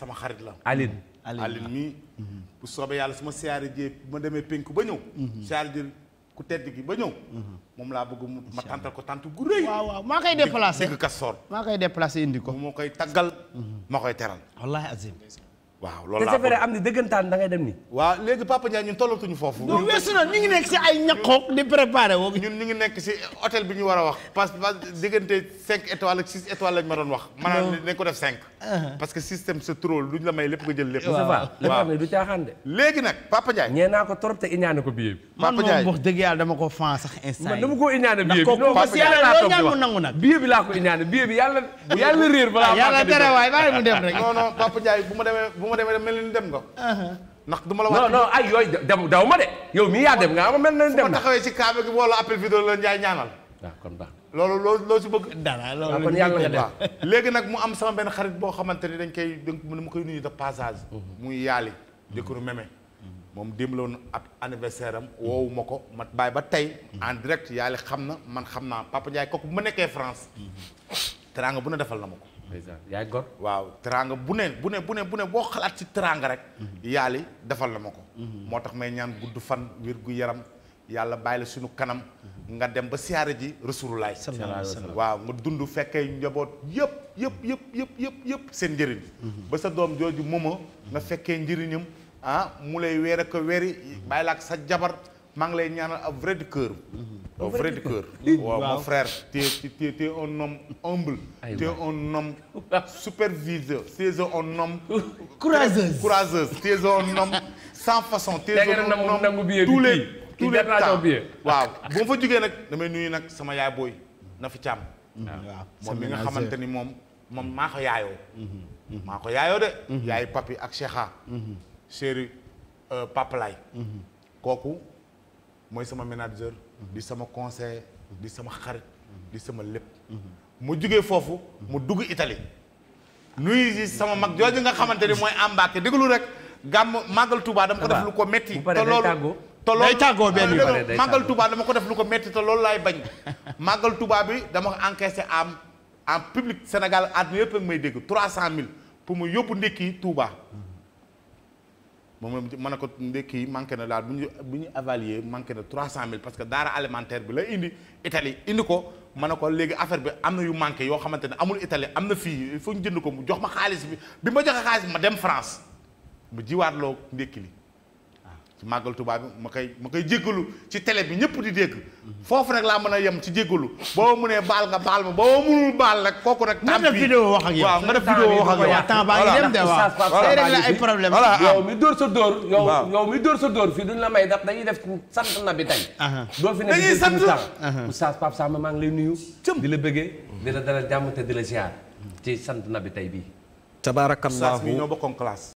sama xarit la Aline Aline mii bu soobee yàlla su ma siyaare jee ma demee pénk ba ñëw mhm. siyaare jee ku tedd gi ba ñëw mhm. moom laa bëgg mu ma tantal ko tant gu rëy waaw waaw maa koy déplacé digg Kastoor maa koy déplacé indi ko moo koy taggal mhm. ma koy teral wallahi azim waaw loolu laa ko am ni dëggantaan da ngay dem ni waa léegi Papa Ndiaye ñu tollatuñu foofu. ñun weesu na ñu ngi nekk si ay ñaqoog di préparé woo. ñun ñu ngi nekk si hôtel bi ñu war a wax parce que diggante cinq étoiles ak six étoiles lañ ma doon wax. maanaam nañ ko def cinq. Uh-huh. parce que système sa troll duñ la may lépp nga jël lépp. waaw lépp du caaxaan de. léegi nag Papa Ndiaye. ñee naa ko trop te iñaane ko billet bi. Papa Ndiaye man moom wax dëgg yàlla dama ko fan sax instant yii. dama ko iñaane billet bi non parce que yàlla laa toog di wax nangu nag. billet bi laa ko iñaane billet bi yàlla yàlla réer balaa. Ah, yàlla tere waay bàyyi mu dem rek. non non Papa Ndiaye bu ma demee bu ma demee mel ni dem nga. Uh-huh. ndax du ma la wax. non non ay yooyu dem daw ma de. yow mii yaa dem nga xam mel na dem na. fu ma taxawee ci kaabe gi wala appel vidéo la Ndiaye ñaanal. waaw ah, kon baax loolu loo loo si bëgg. dara loolu kon yàlla nga léegi nag mu am sama benn xarit boo xamante ni dañ koy dama koy nuyu de passage. Mhm. muy yaali jëkkëru meme. Mhm. moom démb la woon ab anniversaire am woowu ko ma bàyyi ba tey mhm. en direct yàlla xam na man xam naa Papa Ndiaye kooku bu ma nekkee France teranga bu ne defal na ma ko yaay gor waaw teranga bu ne bu ne bu ne bu ne boo xalaat ci teranga rek yàlla defal na ma ko moo tax may ñaan gudd fan wér gu yaram yàlla bàyyi la suñu kanam nga dem ba siyaare ji rasulullah waaw nga dund fekkee njaboot yëpp yëpp yëpp yëpp yëpp yëpp seen njëriñ mhm. ba sa doom jooju mooma nga mhm. fekkee njëriñam ah mu lay weer ak weeri bàyyi la ak sa jabar maa ngi lay ñaanal ab vrai de cœur au vrai de cœur waaw mon frère tu es tu es un homme humble tu es un homme superviseur tu es un homme courageuse tous les temps waaw bu ma fa jógee nag damay nuyu nag sama yaay booy na fi càmm mm-hmm. ah. waaw moom mi nga xamante ni moom moom mm-hmm. maa ko yaayoo mm-hmm. maa ko yaayoo de yaay papi ak Cheikha chéri euh, papalay kooku mooy sama manager di sama conseil di sama xarit di sama lépp mu jógee foofu mu dugg itali nuyu si sama mag jooju nga xamante ni mooy Mbacké déglu rek gàmm màggal Touba dama ko def lu ko metti te loolu te loolu day tàggoo benn yu màggal Touba dama ko def lu ko métti te loolu laay bañ màggal Touba bi dama ko encaissé am en public Sénégal àdduna yëpp ak may dégg trois cent mille pour mu yóbbu ndékki Touba moom mën na ko ndékki manqué na laal bu ñu bu ñu avalier manqué na trois cent mille parce que daara alimentaire bi la indi Italie indi ko mën na ko léegi affaire bi am na yu manqué yoo xamante ne amul Italie am na fii foo ñu jënd ko mu jox ma xaalis bi bi ma joxe xaalis ma dem France mu jiwaat loo ndékki li ci màggal Tuubaa bi ma koy ma koy jéggalu ci tele bi ñëpp di dégg foofu nag laa mën a yem ci jéggalu boo munee baal nga baal ma boo mënul baal nag kooku nag nga def wax ak yow waaw nga wax ak yow temps baa ngi day régler ay problème yow sa dóor yow yow mi sa dóor fii duñ la may ndax dañuy def sant na bi tey doo fi ne dañuy sant Oustaz Pape Samba maa ngi lay nuyu di la bëggee di la dalal jàmm te sant na bi tey bii tabaarakallaahu ñoo bokkoon classe